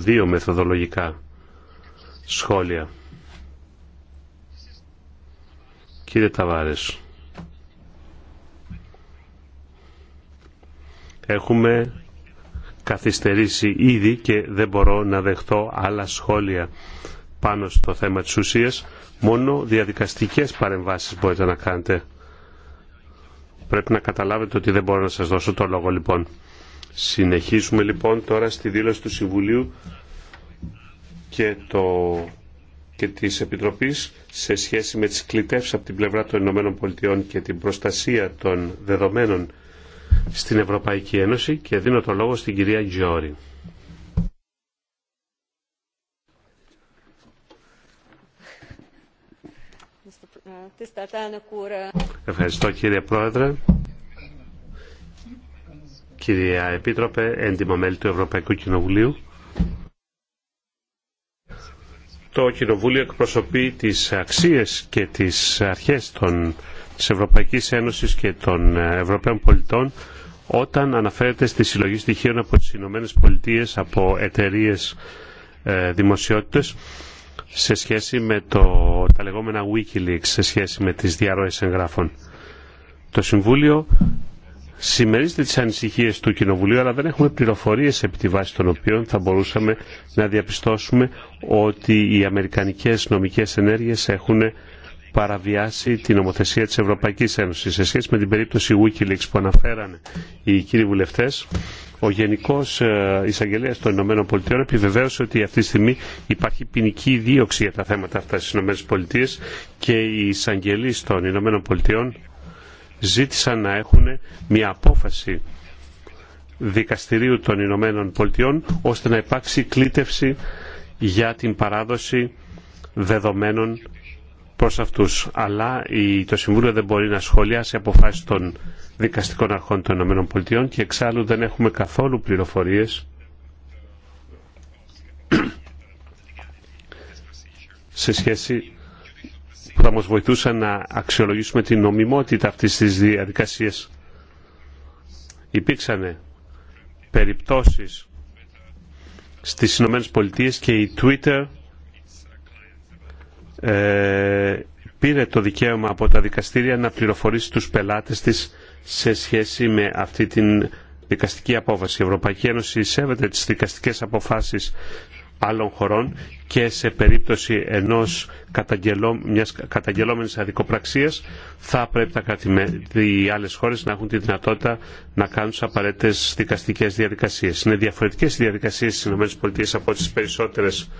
δύο μεθοδολογικά σχόλια. Κύριε Ταβάρες, έχουμε καθυστερήσει ήδη και δεν μπορώ να δεχτώ άλλα σχόλια πάνω στο θέμα της ουσίας. Μόνο διαδικαστικές παρεμβάσεις μπορείτε να κάνετε. Πρέπει να καταλάβετε ότι δεν μπορώ να σας δώσω το λόγο λοιπόν. Συνεχίζουμε λοιπόν τώρα στη δήλωση του Συμβουλίου και, το, και της Επιτροπής σε σχέση με τις κλητεύσεις από την πλευρά των Ηνωμένων Πολιτειών και την προστασία των δεδομένων στην Ευρωπαϊκή Ένωση και δίνω το λόγο στην κυρία Γιώρη. Ευχαριστώ κύριε Πρόεδρε κυρία Επίτροπε, έντιμα μέλη του Ευρωπαϊκού Κοινοβουλίου. Το Κοινοβούλιο εκπροσωπεί τις αξίες και τις αρχές των, της Ευρωπαϊκής Ένωσης και των ε, Ευρωπαίων πολιτών όταν αναφέρεται στη συλλογή στοιχείων από τις Ηνωμένε Πολιτείες, από εταιρείε ε, δημοσιότητες σε σχέση με το, τα λεγόμενα Wikileaks, σε σχέση με τις διαρροές εγγράφων. Το Συμβούλιο συμμερίζεται τι ανησυχίε του Κοινοβουλίου, αλλά δεν έχουμε πληροφορίε επί τη βάση των οποίων θα μπορούσαμε να διαπιστώσουμε ότι οι Αμερικανικέ νομικέ ενέργειες έχουν παραβιάσει την νομοθεσία τη Ευρωπαϊκή Ένωση. Σε σχέση με την περίπτωση Wikileaks που αναφέραν οι κύριοι βουλευτέ, ο Γενικό ε, Εισαγγελέα των Ηνωμένων Πολιτειών επιβεβαίωσε ότι αυτή τη στιγμή υπάρχει ποινική δίωξη για τα θέματα αυτά στι Ηνωμένε Πολιτείε και οι εισαγγελεί των Ηνωμένων Πολιτειών ζήτησαν να έχουν μια απόφαση δικαστηρίου των Ηνωμένων Πολιτειών ώστε να υπάρξει κλήτευση για την παράδοση δεδομένων προς αυτούς. Αλλά το Συμβούλιο δεν μπορεί να σχολιάσει αποφάσεις των δικαστικών αρχών των Ηνωμένων Πολιτειών και εξάλλου δεν έχουμε καθόλου πληροφορίες σε σχέση που θα μας βοηθούσαν να αξιολογήσουμε την νομιμότητα αυτής της διαδικασίας. Υπήρξαν περιπτώσεις στις Ηνωμένες Πολιτείες και η Twitter ε, πήρε το δικαίωμα από τα δικαστήρια να πληροφορήσει τους πελάτες της σε σχέση με αυτή την δικαστική απόφαση. Η Ευρωπαϊκή Ένωση σέβεται τις δικαστικές αποφάσεις άλλων χωρών και σε περίπτωση ενός καταγγελό, μιας καταγγελόμενης αδικοπραξίας θα πρέπει τα οι άλλες χώρες να έχουν τη δυνατότητα να κάνουν τις απαραίτητες δικαστικές διαδικασίες. Είναι διαφορετικές οι διαδικασίες στις ΗΠΑ από τις περισσότερες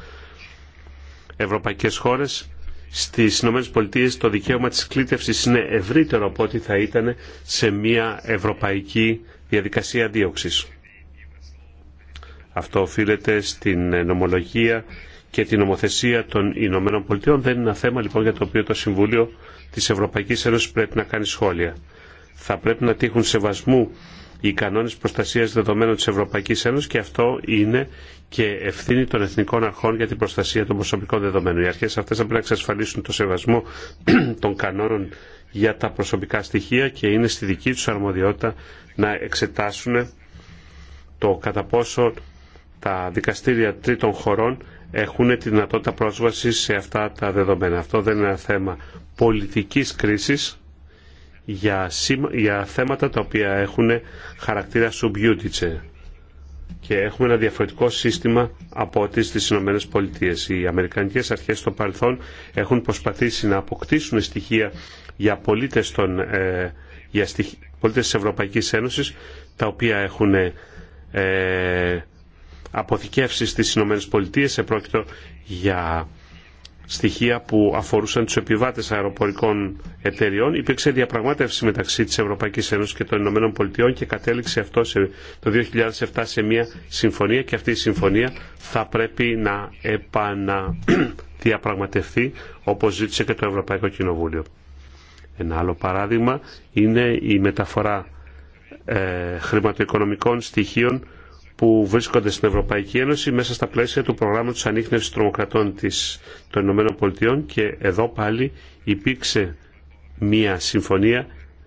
ευρωπαϊκές χώρες. Στις ΗΠΑ το δικαίωμα της κλήτευσης είναι ευρύτερο από ό,τι θα ήταν σε μια ευρωπαϊκή διαδικασία δίωξης. Αυτό οφείλεται στην ε, νομολογία και την νομοθεσία των Ηνωμένων Πολιτειών. Δεν είναι ένα θέμα λοιπόν για το οποίο το Συμβούλιο της Ευρωπαϊκής Ένωσης πρέπει να κάνει σχόλια. Θα πρέπει να τύχουν σεβασμού οι κανόνες προστασίας δεδομένων της Ευρωπαϊκής Ένωσης και αυτό είναι και ευθύνη των εθνικών αρχών για την προστασία των προσωπικών δεδομένων. Οι αρχές αυτές θα πρέπει να εξασφαλίσουν το σεβασμό των κανόνων για τα προσωπικά στοιχεία και είναι στη δική τους αρμοδιότητα να εξετάσουν το κατά πόσο τα δικαστήρια τρίτων χωρών έχουν τη δυνατότητα πρόσβαση σε αυτά τα δεδομένα. Αυτό δεν είναι ένα θέμα πολιτικής κρίσης για, για θέματα τα οποία έχουν χαρακτήρα subjudice και έχουμε ένα διαφορετικό σύστημα από ό,τι στις Ηνωμένες Πολιτείες. Οι Αμερικανικές αρχές στο παρελθόν έχουν προσπαθήσει να αποκτήσουν στοιχεία για πολίτες, των, ε, για πολίτες της Ευρωπαϊκής Ένωσης τα οποία έχουν ε, Αποθηκεύσει στις Ηνωμένες Πολιτείες. Επρόκειτο για στοιχεία που αφορούσαν τους επιβάτες αεροπορικών εταιριών. Υπήρξε διαπραγμάτευση μεταξύ της Ευρωπαϊκής Ένωσης και των Ηνωμένων Πολιτειών και κατέληξε αυτό σε, το 2007 σε μια συμφωνία και αυτή η συμφωνία θα πρέπει να επαναδιαπραγματευτεί όπως ζήτησε και το Ευρωπαϊκό Κοινοβούλιο. Ένα άλλο παράδειγμα είναι η μεταφορά ε, χρηματοοικονομικών στοιχείων που βρίσκονται στην Ευρωπαϊκή Ένωση μέσα στα πλαίσια του προγράμματος ανείχνευσης τρομοκρατών της, των Ηνωμένων Πολιτειών και εδώ πάλι υπήρξε μία συμφωνία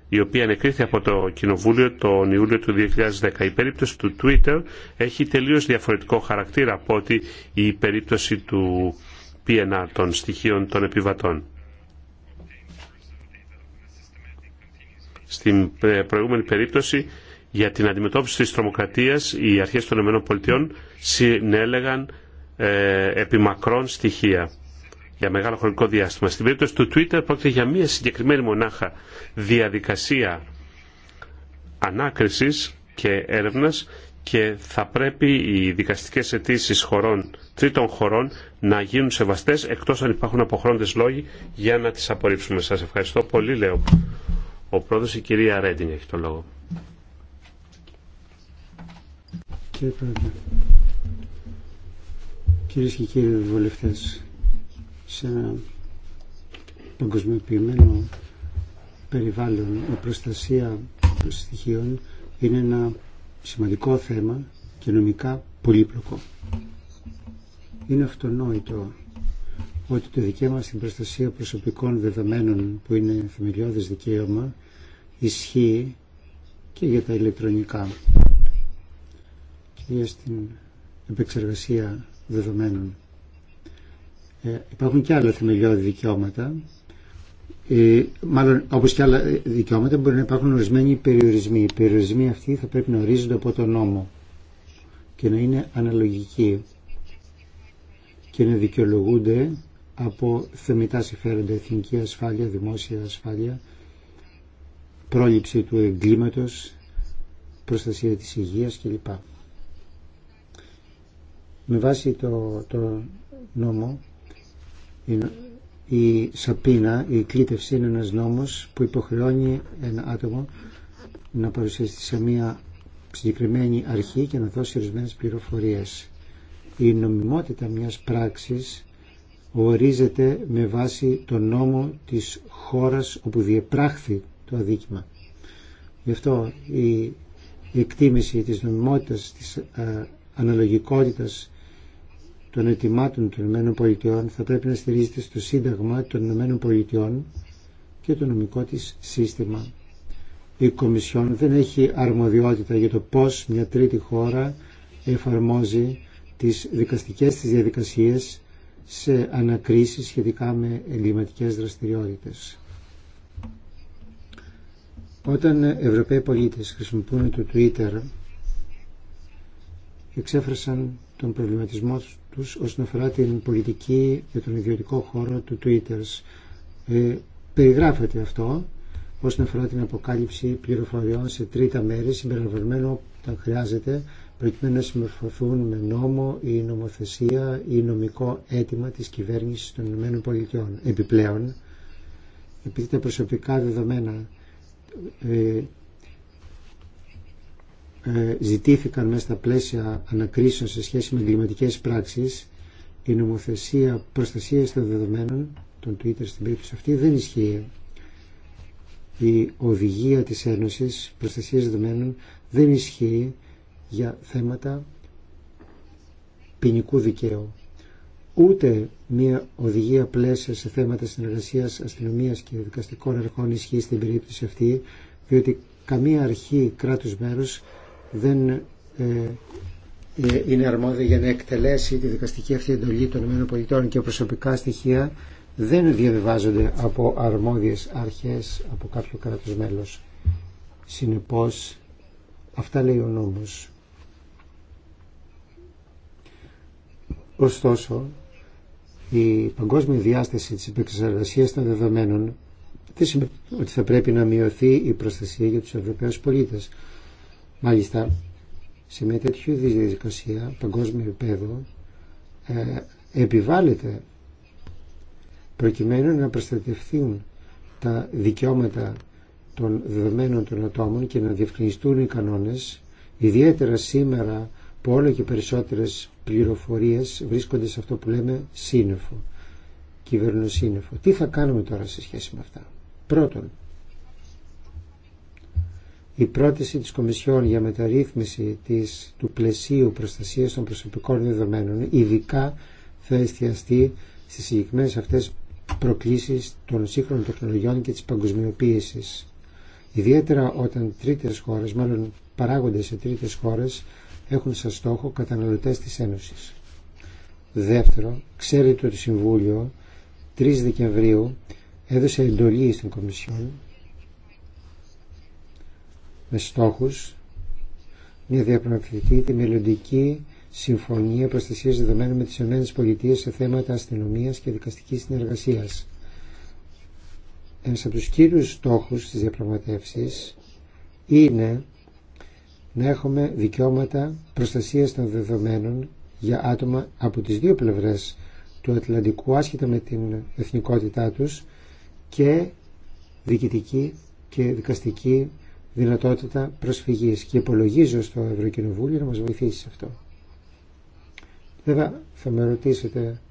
η οποία ανεκρίθη από το Κοινοβούλιο τον Ιούλιο του 2010. Η περίπτωση του Twitter έχει τελείως διαφορετικό χαρακτήρα από ότι η περίπτωση του PNR των στοιχείων των επιβατών. Στην ε, προηγούμενη περίπτωση για την αντιμετώπιση της τρομοκρατίας οι αρχές των ΗΠΑ συνέλεγαν ε, επιμακρών στοιχεία για μεγάλο χρονικό διάστημα. Στην περίπτωση του Twitter πρόκειται για μια συγκεκριμένη μονάχα διαδικασία ανάκρισης και έρευνας και θα πρέπει οι δικαστικές αιτήσει χωρών, τρίτων χωρών να γίνουν σεβαστές εκτός αν υπάρχουν αποχρόντες λόγοι για να τις απορρίψουμε. Σας ευχαριστώ πολύ, λέω. Ο πρόεδρος η κυρία Ρέντινγκ έχει το λόγο. κύριε Πρόεδρε. Κυρίε και κύριοι βουλευτέ, σε ένα παγκοσμιοποιημένο περιβάλλον η προστασία των στοιχείων είναι ένα σημαντικό θέμα και νομικά πολύπλοκο. Είναι αυτονόητο ότι το δικαίωμα στην προστασία προσωπικών δεδομένων που είναι θεμελιώδες δικαίωμα ισχύει και για τα ηλεκτρονικά για στην επεξεργασία δεδομένων. Ε, υπάρχουν και άλλα θεμελιώδη δικαιώματα. Ε, μάλλον, όπως και άλλα ε, δικαιώματα, μπορεί να υπάρχουν ορισμένοι περιορισμοί. Οι περιορισμοί αυτοί θα πρέπει να ορίζονται από τον νόμο και να είναι αναλογικοί και να δικαιολογούνται από θεμητά συμφέροντα, εθνική ασφάλεια, δημόσια ασφάλεια, πρόληψη του εγκλήματος, προστασία της υγείας κλπ. Με βάση το, το νόμο, η σαπίνα, η κλήτευση είναι ένας νόμος που υποχρεώνει ένα άτομο να παρουσιαστεί σε μια συγκεκριμένη αρχή και να δώσει ορισμένε πληροφορίες. Η νομιμότητα μιας πράξης ορίζεται με βάση τον νόμο της χώρας όπου διεπράχθη το αδίκημα. Γι' αυτό η εκτίμηση της νομιμότητας, της ε, αναλογικότητας των ετοιμάτων των ΗΠΑ θα πρέπει να στηρίζεται στο Σύνταγμα των ΗΠΑ και το νομικό της σύστημα. Η Κομισιόν δεν έχει αρμοδιότητα για το πώς μια τρίτη χώρα εφαρμόζει τις δικαστικές της διαδικασίες σε ανακρίσεις σχετικά με εγκληματικές δραστηριότητες. Όταν Ευρωπαίοι πολίτες χρησιμοποιούν το Twitter εξέφρασαν τον προβληματισμό τους όσον αφορά την πολιτική και τον ιδιωτικό χώρο του Twitter. Ε, περιγράφεται αυτό όσον αφορά την αποκάλυψη πληροφοριών σε τρίτα μέρη συμπεριλαμβανομένου όταν χρειάζεται προκειμένου να συμμορφωθούν με νόμο ή νομοθεσία ή νομικό αίτημα της κυβέρνησης των ΗΠΑ. Επιπλέον, επειδή τα προσωπικά δεδομένα ε, ε, ζητήθηκαν μέσα στα πλαίσια ανακρίσεων σε σχέση με εγκληματικέ πράξεις η νομοθεσία προστασίας των δεδομένων των Twitter στην περίπτωση αυτή δεν ισχύει. Η οδηγία της Ένωσης προστασίας δεδομένων δεν ισχύει για θέματα ποινικού δικαίου. Ούτε μια οδηγία πλαίσια σε θέματα συνεργασίας αστυνομίας και δικαστικών αρχών ισχύει στην περίπτωση αυτή, διότι καμία αρχή κράτους μέρους δεν ε, ε, είναι αρμόδια για να εκτελέσει τη δικαστική αυτή εντολή των ΗΠΑ και προσωπικά στοιχεία δεν διαβιβάζονται από αρμόδιες αρχές από κάποιο κράτος μέλος. Συνεπώς, αυτά λέει ο νόμος. Ωστόσο, η παγκόσμια διάσταση της επεξεργασίας των δεδομένων δεν σημαίνει ότι θα πρέπει να μειωθεί η προστασία για τους Ευρωπαίους πολίτες. Μάλιστα, σε μια τέτοια διαδικασία παγκόσμιο επίπεδο ε, επιβάλλεται προκειμένου να προστατευθούν τα δικαιώματα των δεδομένων των ατόμων και να διευκρινιστούν οι κανόνες, ιδιαίτερα σήμερα που όλο και περισσότερες πληροφορίες βρίσκονται σε αυτό που λέμε σύννεφο, κυβερνοσύννεφο. Τι θα κάνουμε τώρα σε σχέση με αυτά. Πρώτον, η πρόταση της Κομισιόν για μεταρρύθμιση της, του πλαισίου προστασίας των προσωπικών δεδομένων ειδικά θα εστιαστεί στις συγκεκριμένε αυτές προκλήσεις των σύγχρονων τεχνολογιών και της παγκοσμιοποίησης. Ιδιαίτερα όταν τρίτες χώρες, μάλλον παράγοντες σε τρίτες χώρες, έχουν σαν στόχο καταναλωτές της Ένωσης. Δεύτερο, ξέρετε ότι το Συμβούλιο 3 Δεκεμβρίου έδωσε εντολή στην Κομισιόν με στόχους μια διαπραγματευτική τη μελλοντική συμφωνία προστασίας δεδομένων με τις ΗΠΑ σε θέματα αστυνομίας και δικαστικής συνεργασίας. Ένας από τους κύριους στόχους της διαπραγματεύσης είναι να έχουμε δικαιώματα προστασίας των δεδομένων για άτομα από τις δύο πλευρές του Ατλαντικού άσχετα με την εθνικότητά τους και διοικητική και δικαστική δυνατότητα προσφυγής και υπολογίζω στο Ευρωκοινοβούλιο να μας βοηθήσει σε αυτό. Βέβαια θα με ρωτήσετε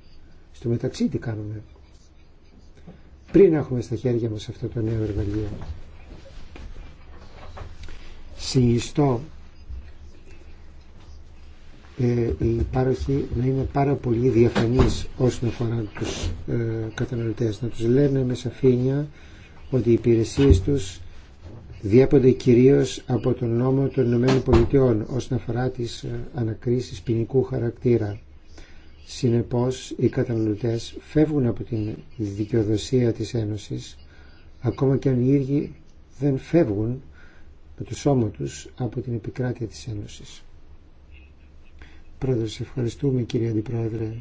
στο μεταξύ τι κάνουμε πριν έχουμε στα χέρια μας αυτό το νέο εργαλείο. Συνιστώ ε, οι να είναι πάρα πολύ διαφανείς όσον αφορά τους ε, καταναλωτές, να τους λένε με σαφήνεια ότι οι υπηρεσίες τους διέπονται κυρίως από τον νόμο των Ηνωμένων Πολιτειών όσον αφορά τις ε, ανακρίσεις ποινικού χαρακτήρα. Συνεπώς, οι καταναλωτές φεύγουν από την δικαιοδοσία της Ένωσης, ακόμα και αν οι ίδιοι δεν φεύγουν με το σώμα τους από την επικράτεια της Ένωσης. Πρόεδρε, ευχαριστούμε κύριε Αντιπρόεδρε.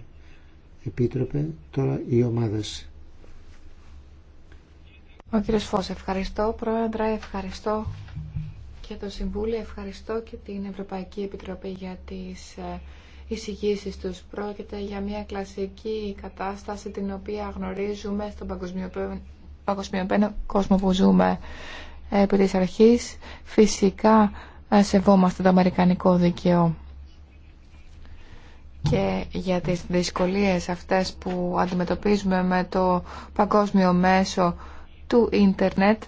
Επίτροπε, τώρα οι σας. Ο κύριος Φως, ευχαριστώ. Πρόεδρε, ευχαριστώ και το Συμβούλιο, ευχαριστώ και την Ευρωπαϊκή Επιτροπή για τις ε, εισηγήσεις τους. Πρόκειται για μια κλασική κατάσταση την οποία γνωρίζουμε στον παγκοσμιοποιημένο κόσμο που ζούμε επί της αρχής. Φυσικά ε, σεβόμαστε το αμερικανικό δίκαιο και για τις δυσκολίες αυτές που αντιμετωπίζουμε με το παγκόσμιο μέσο του ίντερνετ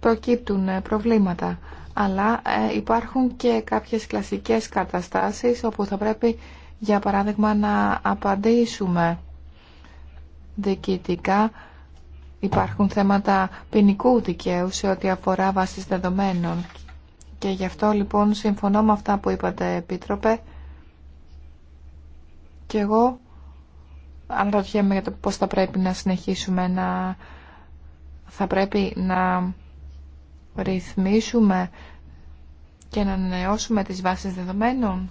προκύπτουν ε, προβλήματα. Αλλά ε, υπάρχουν και κάποιες κλασικές καταστάσεις όπου θα πρέπει για παράδειγμα να απαντήσουμε διοικητικά. Υπάρχουν θέματα ποινικού δικαίου σε ό,τι αφορά βάσεις δεδομένων. Και γι' αυτό λοιπόν συμφωνώ με αυτά που είπατε Επίτροπε και εγώ αναρωτιέμαι για το πώς θα πρέπει να συνεχίσουμε να θα πρέπει να ρυθμίσουμε και να ανανεώσουμε τις βάσεις δεδομένων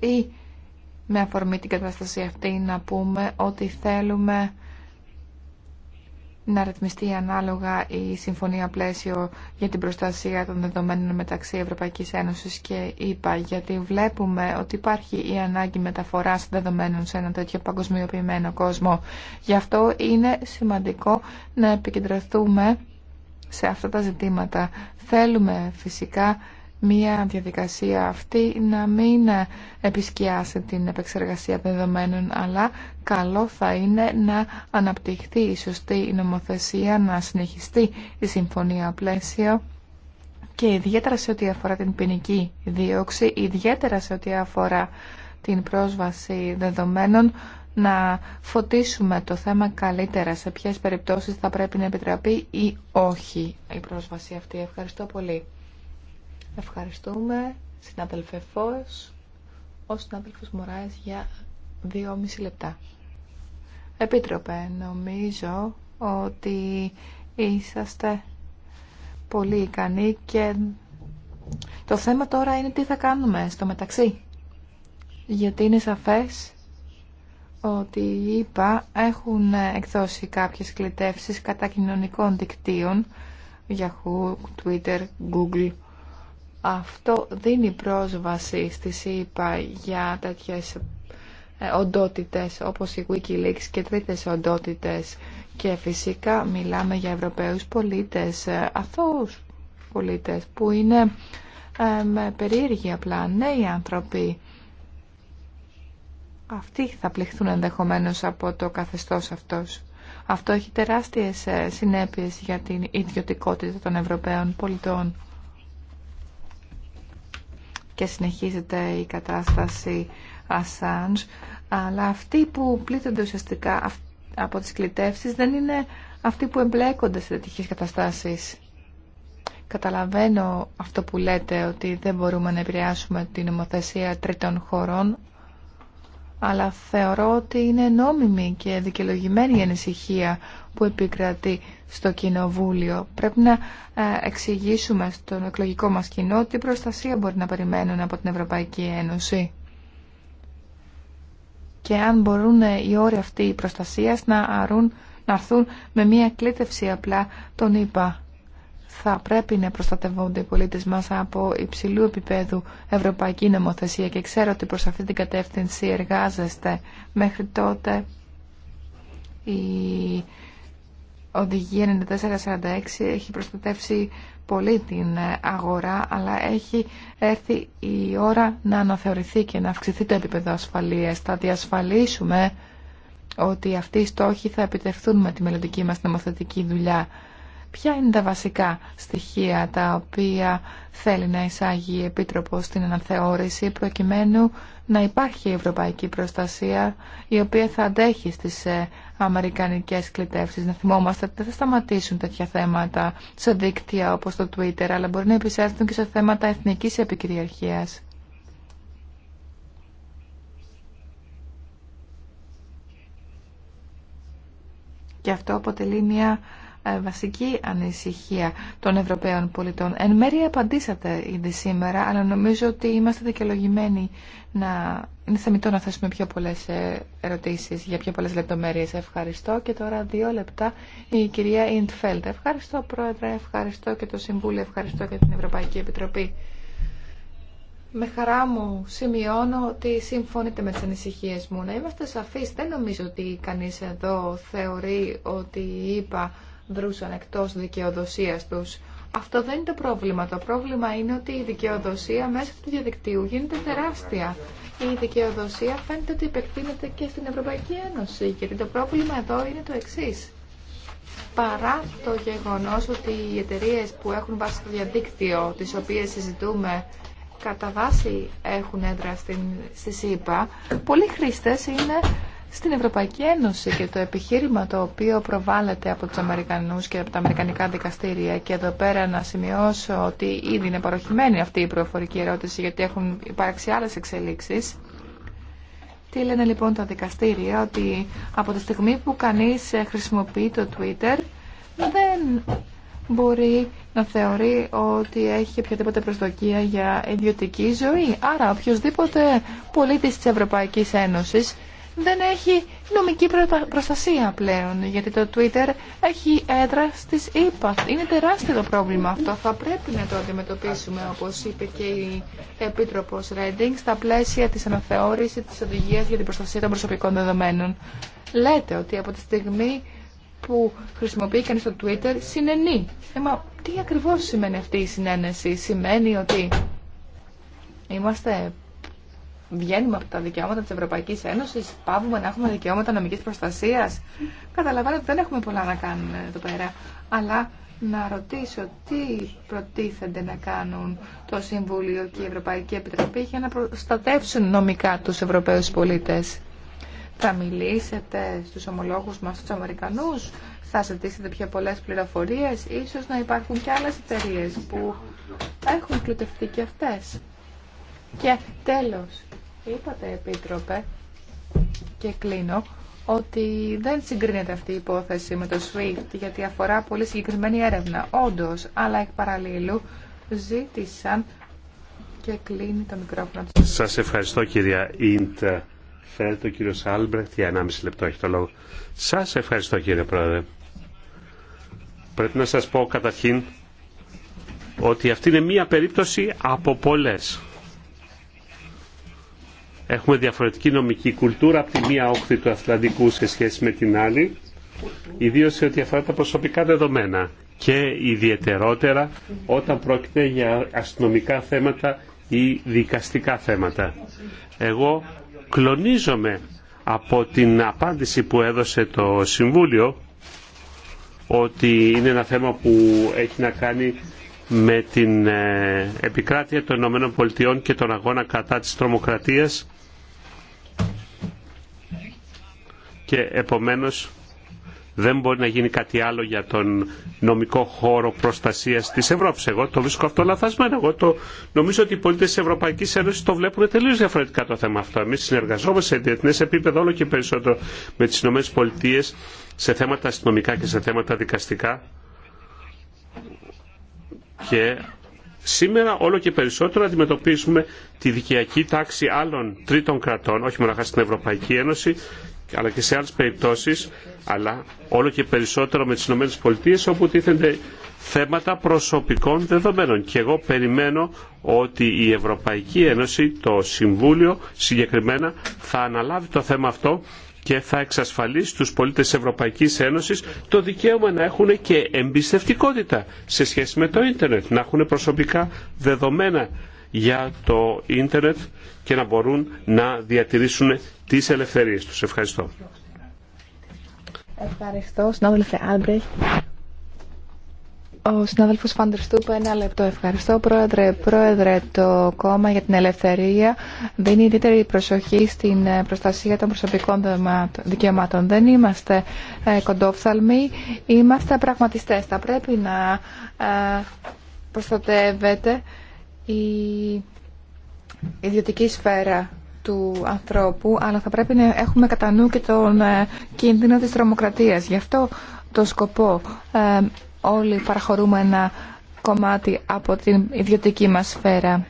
ή με αφορμή την κατάσταση αυτή να πούμε ότι θέλουμε να ρυθμιστεί ανάλογα η συμφωνία πλαίσιο για την προστασία των δεδομένων μεταξύ Ευρωπαϊκής Ένωσης και ΕΠΑ, γιατί βλέπουμε ότι υπάρχει η ανάγκη μεταφοράς δεδομένων σε ένα τέτοιο παγκοσμιοποιημένο κόσμο. Γι' αυτό είναι σημαντικό να επικεντρωθούμε σε αυτά τα ζητήματα. Θέλουμε φυσικά μια διαδικασία αυτή να μην επισκιάσει την επεξεργασία δεδομένων, αλλά καλό θα είναι να αναπτυχθεί η σωστή νομοθεσία, να συνεχιστεί η συμφωνία πλαίσιο και ιδιαίτερα σε ό,τι αφορά την ποινική δίωξη, ιδιαίτερα σε ό,τι αφορά την πρόσβαση δεδομένων, να φωτίσουμε το θέμα καλύτερα, σε ποιες περιπτώσεις θα πρέπει να επιτραπεί ή όχι η πρόσβαση αυτή. Ευχαριστώ πολύ. Ευχαριστούμε, συνάδελφε Φως, ο συνάδελφος Μωράης για δύο μισή λεπτά. Επίτροπε, νομίζω ότι είσαστε πολύ ικανοί και το θέμα τώρα είναι τι θα κάνουμε στο μεταξύ. Γιατί είναι σαφές ότι είπα έχουν εκδώσει κάποιες κλητεύσεις κατά κοινωνικών δικτύων Yahoo, Twitter, Google αυτό δίνει πρόσβαση στη ΣΥΠΑ για τέτοιες ε, οντότητες όπως η Wikileaks και τρίτες οντότητες και φυσικά μιλάμε για Ευρωπαίους πολίτες, ε, αθώους πολίτες που είναι ε, με περίεργοι απλά νέοι άνθρωποι. Αυτοί θα πληχθούν ενδεχομένως από το καθεστώς αυτός. Αυτό έχει τεράστιες συνέπειες για την ιδιωτικότητα των Ευρωπαίων πολιτών και συνεχίζεται η κατάσταση Ασάντζ, αλλά αυτοί που πλήττονται ουσιαστικά από τις κλητεύσεις δεν είναι αυτοί που εμπλέκονται σε τέτοιες καταστάσεις. Καταλαβαίνω αυτό που λέτε ότι δεν μπορούμε να επηρεάσουμε την νομοθεσία τρίτων χωρών, αλλά θεωρώ ότι είναι νόμιμη και δικαιολογημένη η ανησυχία που επικρατεί στο Κοινοβούλιο. Πρέπει να ε, εξηγήσουμε στον εκλογικό μας κοινό τι προστασία μπορεί να περιμένουν από την Ευρωπαϊκή Ένωση και αν μπορούν ε, οι όροι αυτοί προστασίας να, αρούν, να αρθούν με μια κλήτευση απλά τον ήπα θα πρέπει να προστατευόνται οι πολίτες μας από υψηλού επίπεδου ευρωπαϊκή νομοθεσία και ξέρω ότι προς αυτή την κατεύθυνση εργάζεστε. Μέχρι τότε η οδηγία 9446 έχει προστατεύσει πολύ την αγορά αλλά έχει έρθει η ώρα να αναθεωρηθεί και να αυξηθεί το επίπεδο ασφαλείας. Θα διασφαλίσουμε ότι αυτοί οι στόχοι θα επιτευχθούν με τη μελλοντική μας νομοθετική δουλειά. Ποια είναι τα βασικά στοιχεία τα οποία θέλει να εισάγει η Επίτροπο στην αναθεώρηση προκειμένου να υπάρχει ευρωπαϊκή προστασία η οποία θα αντέχει στις ε, αμερικανικές κλητεύσεις. Να θυμόμαστε ότι δεν θα σταματήσουν τέτοια θέματα σε δίκτυα όπως το Twitter αλλά μπορεί να επισέλθουν και σε θέματα εθνικής επικυριαρχίας. Και αυτό αποτελεί μια ε, βασική ανησυχία των Ευρωπαίων πολιτών. Εν μέρει απαντήσατε ήδη σήμερα, αλλά νομίζω ότι είμαστε δικαιολογημένοι να είναι θεμητό να θέσουμε πιο πολλές ε, ερωτήσεις για πιο πολλές λεπτομέρειες. Ευχαριστώ και τώρα δύο λεπτά η κυρία Ιντφέλτ. Ευχαριστώ Πρόεδρε, ευχαριστώ και το Συμβούλιο, ευχαριστώ και την Ευρωπαϊκή Επιτροπή. Με χαρά μου σημειώνω ότι συμφωνείτε με τις ανησυχίε μου. Να είμαστε σαφείς, δεν νομίζω ότι κανείς εδώ θεωρεί ότι είπα δρούσαν εκτός δικαιοδοσίας τους. Αυτό δεν είναι το πρόβλημα. Το πρόβλημα είναι ότι η δικαιοδοσία μέσα του διαδικτύου γίνεται τεράστια. Η δικαιοδοσία φαίνεται ότι επεκτείνεται και στην Ευρωπαϊκή Ένωση. Γιατί το πρόβλημα εδώ είναι το εξή. Παρά το γεγονό ότι οι εταιρείε που έχουν βάσει το διαδίκτυο, τι οποίε συζητούμε, κατά βάση έχουν έδρα στη ΣΥΠΑ, πολλοί χρήστε είναι στην Ευρωπαϊκή Ένωση και το επιχείρημα το οποίο προβάλλεται από τους Αμερικανούς και από τα Αμερικανικά δικαστήρια και εδώ πέρα να σημειώσω ότι ήδη είναι παροχημένη αυτή η προφορική ερώτηση γιατί έχουν υπάρξει άλλες εξελίξεις. Τι λένε λοιπόν τα δικαστήρια ότι από τη στιγμή που κανείς χρησιμοποιεί το Twitter δεν μπορεί να θεωρεί ότι έχει οποιαδήποτε προσδοκία για ιδιωτική ζωή. Άρα οποιοδήποτε πολίτης της Ευρωπαϊκής Ένωσης δεν έχει νομική προστασία πλέον, γιατί το Twitter έχει έδρα στις ΕΠΑ. Είναι τεράστιο το πρόβλημα αυτό. Θα πρέπει να το αντιμετωπίσουμε, όπως είπε και η Επίτροπος Ρέντινγκ, στα πλαίσια της αναθεώρησης της οδηγίας για την προστασία των προσωπικών δεδομένων. Λέτε ότι από τη στιγμή που χρησιμοποιεί κανείς το Twitter συνενεί. Ε, μα τι ακριβώς σημαίνει αυτή η συνένεση. Σημαίνει ότι είμαστε βγαίνουμε από τα δικαιώματα της Ευρωπαϊκής Ένωσης, πάβουμε να έχουμε δικαιώματα νομικής προστασίας. Καταλαβαίνω ότι δεν έχουμε πολλά να κάνουμε εδώ πέρα, αλλά να ρωτήσω τι προτίθενται να κάνουν το Συμβούλιο και η Ευρωπαϊκή Επιτροπή για να προστατεύσουν νομικά τους Ευρωπαίους πολίτες. Θα μιλήσετε στους ομολόγους μας, του Αμερικανούς, θα ζητήσετε πιο πολλές πληροφορίες, ίσως να υπάρχουν και άλλες εταιρείε που έχουν κλουτευτεί και αυτές. Και τέλος, είπατε Επίτροπε και κλείνω ότι δεν συγκρίνεται αυτή η υπόθεση με το SWIFT γιατί αφορά πολύ συγκεκριμένη έρευνα. Όντως, αλλά εκ παραλλήλου ζήτησαν και κλείνει το μικρόφωνο. Σας ευχαριστώ κυρία Ιντ. Φέρετε ο κύριο Άλμπρεχτ για 1,5 λεπτό έχει το λόγο. Σας ευχαριστώ κύριε Πρόεδρε. Πρέπει να σας πω καταρχήν ότι αυτή είναι μία περίπτωση από πολλές. Έχουμε διαφορετική νομική κουλτούρα από τη μία όχθη του Αθλαντικού σε σχέση με την άλλη, ιδίω σε ό,τι αφορά τα προσωπικά δεδομένα και ιδιαιτερότερα όταν πρόκειται για αστυνομικά θέματα ή δικαστικά θέματα. Εγώ κλονίζομαι από την απάντηση που έδωσε το Συμβούλιο ότι είναι ένα θέμα που έχει να κάνει με την ε, επικράτεια των ΗΠΑ και τον αγώνα κατά της τρομοκρατίας και επομένως δεν μπορεί να γίνει κάτι άλλο για τον νομικό χώρο προστασίας τη Ευρώπη. Εγώ το βρίσκω αυτό λαθασμένο. Εγώ το νομίζω ότι οι πολίτες τη Ευρωπαϊκή Ένωση το βλέπουν τελείως διαφορετικά το θέμα αυτό. Εμείς συνεργαζόμαστε σε διεθνέ επίπεδο όλο και περισσότερο με τις τι Πολιτείες σε θέματα αστυνομικά και σε θέματα δικαστικά. Και σήμερα όλο και περισσότερο αντιμετωπίζουμε τη δικαιακή τάξη άλλων τρίτων κρατών, όχι μόνο στην Ευρωπαϊκή Ένωση, αλλά και σε άλλε περιπτώσει, αλλά όλο και περισσότερο με τι ΗΠΑ όπου τίθενται θέματα προσωπικών δεδομένων. Και εγώ περιμένω ότι η Ευρωπαϊκή Ένωση, το Συμβούλιο συγκεκριμένα, θα αναλάβει το θέμα αυτό και θα εξασφαλίσει στους πολίτες της Ευρωπαϊκής Ένωσης το δικαίωμα να έχουν και εμπιστευτικότητα σε σχέση με το ίντερνετ, να έχουν προσωπικά δεδομένα για το ίντερνετ και να μπορούν να διατηρήσουν τις ελευθερίες τους. Ευχαριστώ. Ευχαριστώ, συνάδελφε Άλμπρεχ. Ο συνάδελφος Στούπ, ένα λεπτό. Ευχαριστώ, Πρόεδρε. Πρόεδρε, το κόμμα για την ελευθερία δίνει ιδιαίτερη προσοχή στην ε, προστασία των προσωπικών δικαιωμάτων. Δεν είμαστε ε, κοντόφθαλμοι, είμαστε πραγματιστές. Θα πρέπει να ε, προστατεύεται η ιδιωτική σφαίρα του ανθρώπου, αλλά θα πρέπει να έχουμε κατά νου και τον ε, κίνδυνο της τρομοκρατίας. Γι' αυτό το σκοπό ε, όλοι παραχωρούμε ένα κομμάτι από την ιδιωτική μας σφαίρα.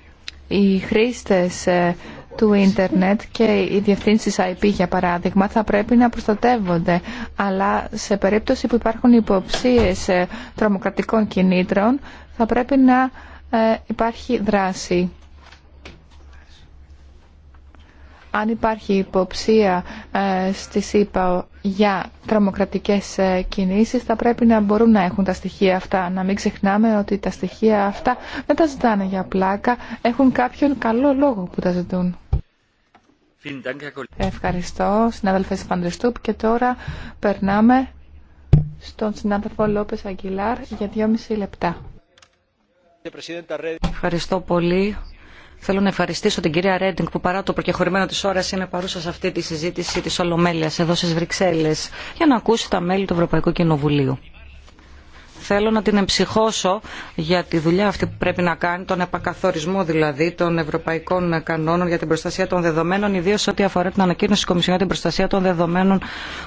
Οι χρήστες ε, του ίντερνετ και οι διευθύνσει IP για παράδειγμα θα πρέπει να προστατεύονται αλλά σε περίπτωση που υπάρχουν υποψίες τρομοκρατικών κινήτρων θα πρέπει να ε, υπάρχει δράση. Αν υπάρχει υποψία ε, στη ΣΥΠΑ για τρομοκρατικές ε, κινήσεις θα πρέπει να μπορούν να έχουν τα στοιχεία αυτά. Να μην ξεχνάμε ότι τα στοιχεία αυτά δεν τα ζητάνε για πλάκα. Έχουν κάποιον καλό λόγο που τα ζητούν. Ευχαριστώ, συνάδελφε Φαντριστούπ. Και τώρα περνάμε στον συνάδελφο Λόπες Αγγιλάρ για δυόμιση λεπτά. Ευχαριστώ πολύ. Θέλω να ευχαριστήσω την κυρία Ρέντινγκ που παρά το προκεχωρημένο της ώρας είναι παρούσα σε αυτή τη συζήτηση της Ολομέλειας εδώ στις Βρυξέλλες για να ακούσει τα μέλη του Ευρωπαϊκού Κοινοβουλίου. Θέλω να την εμψυχώσω για τη δουλειά αυτή που πρέπει να κάνει, τον επακαθορισμό δηλαδή των ευρωπαϊκών κανόνων για την προστασία των δεδομένων, ιδίω ό,τι αφορά την ανακοίνωση τη Κομισιόν για την προστασία των δεδομένων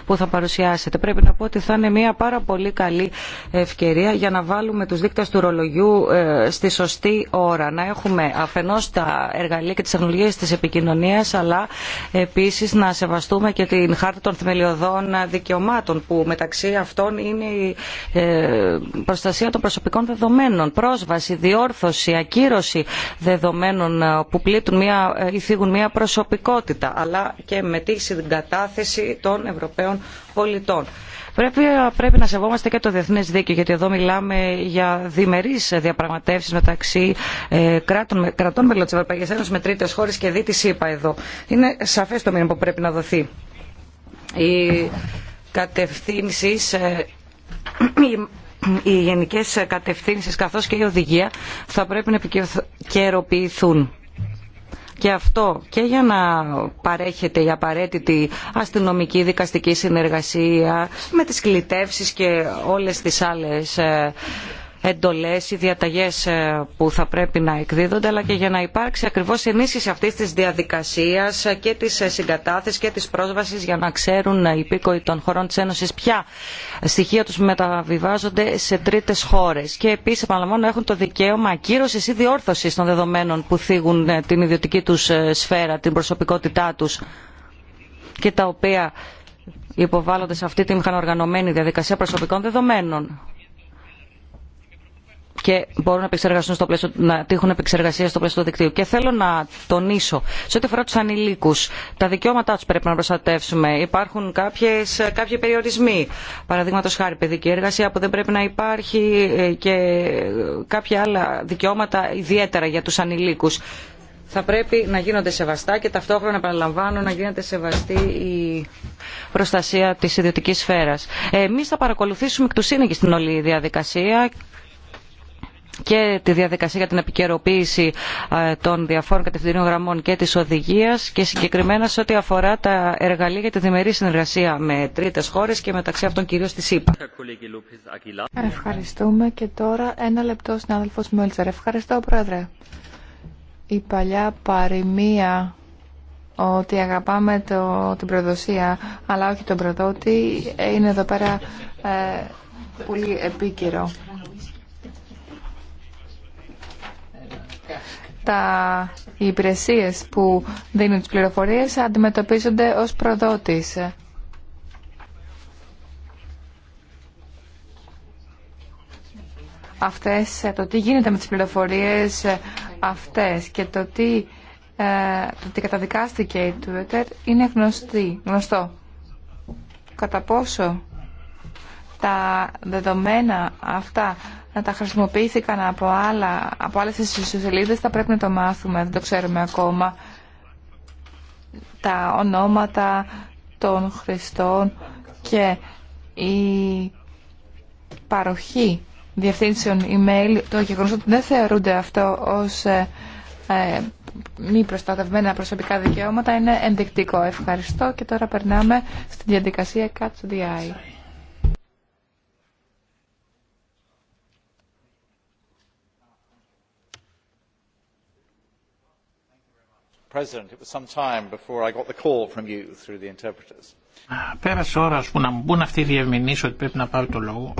που θα παρουσιάσετε. Πρέπει να πω ότι θα είναι μια πάρα πολύ καλή ευκαιρία για να βάλουμε του δείκτε του ρολογιού ε, στη σωστή ώρα. Να έχουμε αφενό τα εργαλεία και τι τεχνολογίε τη επικοινωνία, αλλά επίση να σεβαστούμε και την χάρτα των θεμελιωδών δικαιωμάτων, που μεταξύ αυτών είναι η ε, προστασία των προσωπικών δεδομένων, πρόσβαση, διόρθωση, ακύρωση δεδομένων ε, που πλήττουν μια, ε, ή θίγουν μια προσωπικότητα, αλλά και με τη συγκατάθεση των Ευρωπαίων πολιτών. Πρέπει, ε, πρέπει να σεβόμαστε και το διεθνέ δίκαιο, γιατί εδώ μιλάμε για διμερεί διαπραγματεύσει μεταξύ κράτων, κρατών μελών τη Ευρωπαϊκή Ένωση με τρίτε χώρε και δι τι ΕΕ εδώ. Είναι σαφέ το μήνυμα που πρέπει να δοθεί. Οι κατευθύνσει. οι γενικές κατευθύνσεις καθώς και η οδηγία θα πρέπει να επικαιροποιηθούν. Και αυτό και για να παρέχεται η απαραίτητη αστυνομική δικαστική συνεργασία με τις κλητεύσεις και όλες τις άλλες ε, εντολές ή διαταγές ε, που θα πρέπει να εκδίδονται αλλά και για να υπάρξει ακριβώς ενίσχυση αυτής της διαδικασίας ε, και της ε, συγκατάθεσης και της πρόσβασης για να ξέρουν οι υπήκοοι των χωρών της Ένωσης ποια στοιχεία τους μεταβιβάζονται σε τρίτες χώρες και επίσης επαναλαμβάνω έχουν το δικαίωμα ακύρωσης ή διόρθωσης των δεδομένων που θίγουν την ιδιωτική τους σφαίρα, την προσωπικότητά τους και τα οποία υποβάλλονται σε αυτή τη μηχανοργανωμένη διαδικασία προσωπικών δεδομένων και μπορούν να, επεξεργαστούν στο πλαίσιο, να τύχουν επεξεργασία στο πλαίσιο του δικτύου. Και θέλω να τονίσω, σε ό,τι αφορά του ανηλίκου, τα δικαιώματά του πρέπει να προστατεύσουμε. Υπάρχουν κάποιες, κάποιοι περιορισμοί. Παραδείγματο χάρη, παιδική εργασία που δεν πρέπει να υπάρχει ε, και ε, κάποια άλλα δικαιώματα ιδιαίτερα για του ανηλίκου θα πρέπει να γίνονται σεβαστά και ταυτόχρονα επαναλαμβάνω να γίνεται σεβαστή η προστασία της ιδιωτικής σφαίρας. Εμείς θα παρακολουθήσουμε εκ του σύνεγγυ στην όλη διαδικασία και τη διαδικασία για την επικαιροποίηση ε, των διαφόρων κατευθυντήριων γραμμών και της οδηγίας και συγκεκριμένα σε ό,τι αφορά τα εργαλεία για τη διμερή συνεργασία με τρίτες χώρες και μεταξύ αυτών κυρίως τη ΣΥΠΑ. Ευχαριστούμε και τώρα ένα λεπτό συνάδελφος Μέλτσερ. Ευχαριστώ Πρόεδρε. Η παλιά παροιμία ότι αγαπάμε το, την προδοσία αλλά όχι τον προδότη είναι εδώ πέρα ε, πολύ επίκαιρο. τα, οι υπηρεσίες που δίνουν τις πληροφορίες αντιμετωπίζονται ως προδότης. Αυτές, το τι γίνεται με τις πληροφορίες αυτές και το τι, ε, το τι καταδικάστηκε η Twitter είναι γνωστή, γνωστό. Κατά πόσο τα δεδομένα αυτά να τα χρησιμοποιήθηκαν από, άλλα, από άλλες ιστοσελίδες θα πρέπει να το μάθουμε, δεν το ξέρουμε ακόμα. Τα ονόματα των χρηστών και η παροχή διευθύνσεων email, το γεγονός ότι δεν θεωρούνται αυτό ως ε, ε μη προστατευμένα προσωπικά δικαιώματα είναι ενδεικτικό. Ευχαριστώ και τώρα περνάμε στη διαδικασία Catch the Eye. President, it Πέρασε ώρα που να μου μπουν αυτοί οι διευμηνείς ότι πρέπει να πάρω το λόγο.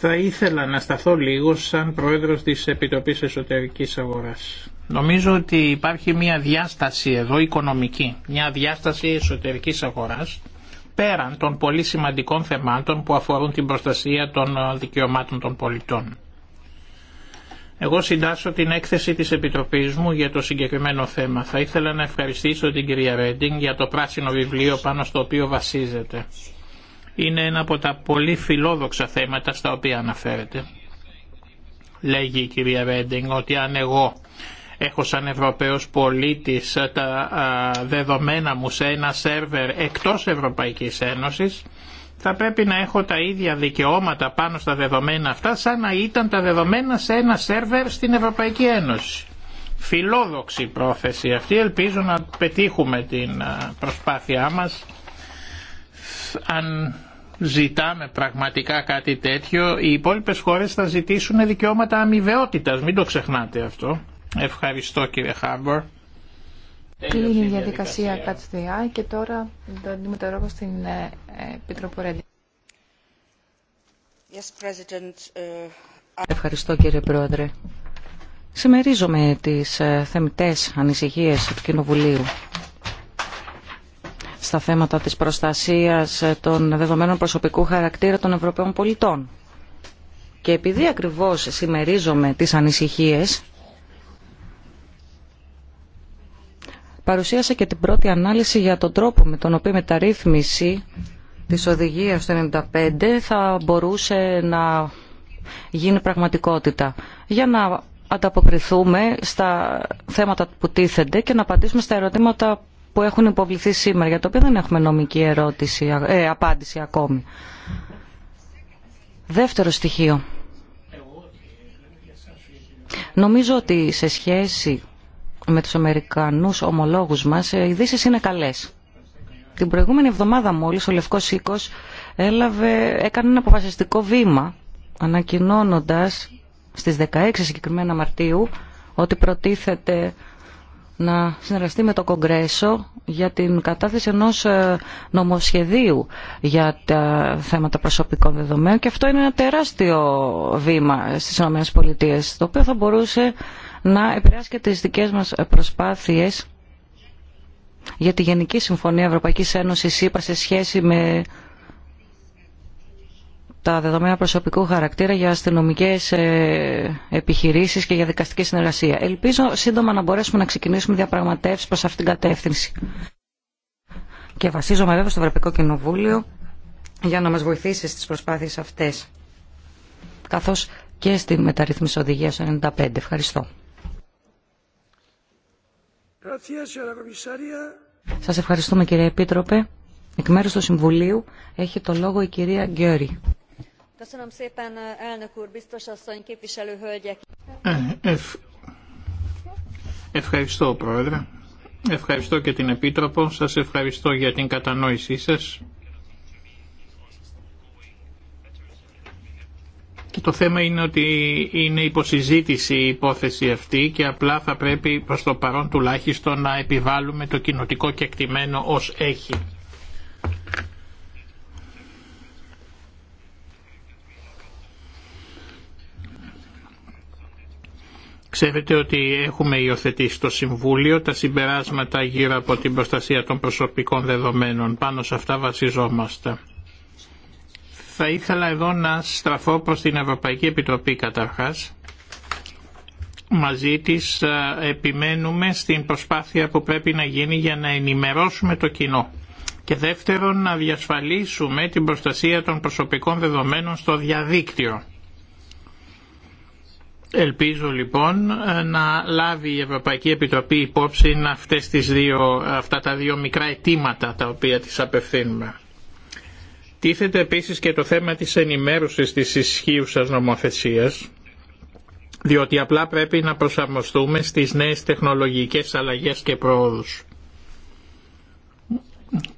Θα ήθελα να σταθώ λίγο σαν πρόεδρος της Επιτροπής Εσωτερικής Αγοράς. Νομίζω ότι υπάρχει μια διάσταση εδώ οικονομική, μια διάσταση εσωτερικής αγοράς πέραν των πολύ σημαντικών θεμάτων που αφορούν την προστασία των δικαιωμάτων των πολιτών. Εγώ συντάσσω την έκθεση της Επιτροπής μου για το συγκεκριμένο θέμα. Θα ήθελα να ευχαριστήσω την κυρία Ρέντινγκ για το πράσινο βιβλίο πάνω στο οποίο βασίζεται. Είναι ένα από τα πολύ φιλόδοξα θέματα στα οποία αναφέρεται. Λέγει η κυρία Ρέντινγκ ότι αν εγώ έχω σαν Ευρωπαίος πολίτης τα δεδομένα μου σε ένα σερβερ εκτός Ευρωπαϊκής Ένωσης, θα πρέπει να έχω τα ίδια δικαιώματα πάνω στα δεδομένα αυτά σαν να ήταν τα δεδομένα σε ένα σερβερ στην Ευρωπαϊκή Ένωση. Φιλόδοξη πρόθεση αυτή, ελπίζω να πετύχουμε την προσπάθειά μας. Αν ζητάμε πραγματικά κάτι τέτοιο, οι υπόλοιπες χώρες θα ζητήσουν δικαιώματα αμοιβαιότητας, μην το ξεχνάτε αυτό. Ευχαριστώ κύριε Χάμπορ. Κλείνει η διαδικασία ΚΑΤΣΔΙ και τώρα το την στην ε, Επιτροπή President. Ε, Ευχαριστώ κύριε Πρόεδρε. Σημερίζομαι τις ε, θεμητές ανησυχίες του Κοινοβουλίου στα θέματα της προστασίας των δεδομένων προσωπικού χαρακτήρα των Ευρωπαίων πολιτών. Και επειδή ακριβώς συμμερίζομαι τις ανησυχίες παρουσίασε και την πρώτη ανάλυση για τον τρόπο με τον οποίο μεταρρύθμιση της οδηγίας του 95 θα μπορούσε να γίνει πραγματικότητα. Για να ανταποκριθούμε στα θέματα που τίθενται και να απαντήσουμε στα ερωτήματα που έχουν υποβληθεί σήμερα, για το οποίο δεν έχουμε νομική ερώτηση, ε, απάντηση ακόμη. Δεύτερο στοιχείο. Νομίζω ότι σε σχέση με τους Αμερικανούς ομολόγους μας, ε, οι ειδήσει είναι καλές. Την προηγούμενη εβδομάδα μόλις ο Λευκός Σίκος έλαβε, έκανε ένα αποφασιστικό βήμα ανακοινώνοντας στις 16 συγκεκριμένα Μαρτίου ότι προτίθεται να συνεργαστεί με το Κογκρέσο για την κατάθεση ενός ε, νομοσχεδίου για τα θέματα προσωπικών δεδομένων και αυτό είναι ένα τεράστιο βήμα στις ΗΠΑ το οποίο θα μπορούσε να επηρεάσει και τις δικές μας προσπάθειες για τη Γενική Συμφωνία Ευρωπαϊκής Ένωσης είπα σε σχέση με τα δεδομένα προσωπικού χαρακτήρα για αστυνομικέ ε, επιχειρήσεις και για δικαστική συνεργασία. Ελπίζω σύντομα να μπορέσουμε να ξεκινήσουμε διαπραγματεύσεις προς αυτήν την κατεύθυνση. Και βασίζομαι βέβαια στο Ευρωπαϊκό Κοινοβούλιο για να μας βοηθήσει στις προσπάθειες αυτές καθώς και στη μεταρρύθμιση οδηγία 95. Ευχαριστώ. Σας ευχαριστούμε κύριε Επίτροπε. Εκ μέρους του Συμβουλίου έχει το λόγο η κυρία Γκέρι. Ε, ευχαριστώ πρόεδρε. Ευχαριστώ και την Επίτροπο. Σας ευχαριστώ για την κατανόησή σας. το θέμα είναι ότι είναι υποσυζήτηση η υπόθεση αυτή και απλά θα πρέπει προς το παρόν τουλάχιστον να επιβάλλουμε το κοινοτικό κεκτημένο ως έχει. Ξέρετε ότι έχουμε υιοθετήσει στο Συμβούλιο τα συμπεράσματα γύρω από την προστασία των προσωπικών δεδομένων. Πάνω σε αυτά βασιζόμαστε. Θα ήθελα εδώ να στραφώ προς την Ευρωπαϊκή Επιτροπή καταρχάς. Μαζί της ε, επιμένουμε στην προσπάθεια που πρέπει να γίνει για να ενημερώσουμε το κοινό. Και δεύτερον να διασφαλίσουμε την προστασία των προσωπικών δεδομένων στο διαδίκτυο. Ελπίζω λοιπόν ε, να λάβει η Ευρωπαϊκή Επιτροπή υπόψη αυτές τις δύο, αυτά τα δύο μικρά αιτήματα τα οποία της απευθύνουμε. Τίθεται επίσης και το θέμα της ενημέρωσης της ισχύουσας νομοθεσίας, διότι απλά πρέπει να προσαρμοστούμε στις νέες τεχνολογικές αλλαγές και προόδους.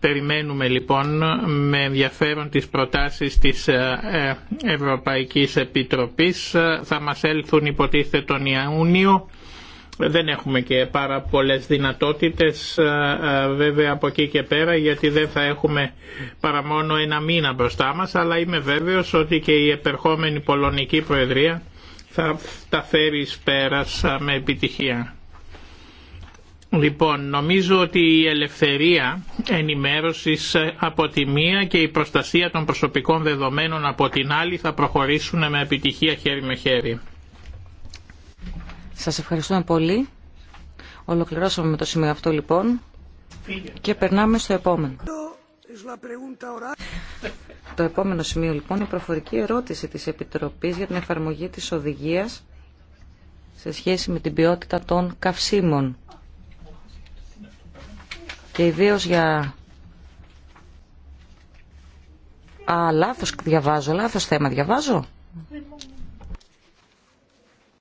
Περιμένουμε λοιπόν με ενδιαφέρον τις προτάσεις της ε, ε, Ευρωπαϊκής Επιτροπής. Θα μας έλθουν υποτίθεται τον Ιούνιο δεν έχουμε και πάρα πολλές δυνατότητες ε, ε, βέβαια από εκεί και πέρα γιατί δεν θα έχουμε παρά μόνο ένα μήνα μπροστά μας αλλά είμαι βέβαιος ότι και η επερχόμενη Πολωνική Προεδρία θα τα φέρει πέρας ε, με επιτυχία. Λοιπόν, νομίζω ότι η ελευθερία ενημέρωσης από τη μία και η προστασία των προσωπικών δεδομένων από την άλλη θα προχωρήσουν με επιτυχία χέρι με χέρι. Σας ευχαριστούμε πολύ. Ολοκληρώσαμε με το σημείο αυτό λοιπόν και περνάμε στο επόμενο. Το επόμενο σημείο λοιπόν είναι η προφορική ερώτηση της Επιτροπής για την εφαρμογή της οδηγίας σε σχέση με την ποιότητα των καυσίμων και ιδίω για Α, λάθος διαβάζω, λάθος θέμα διαβάζω.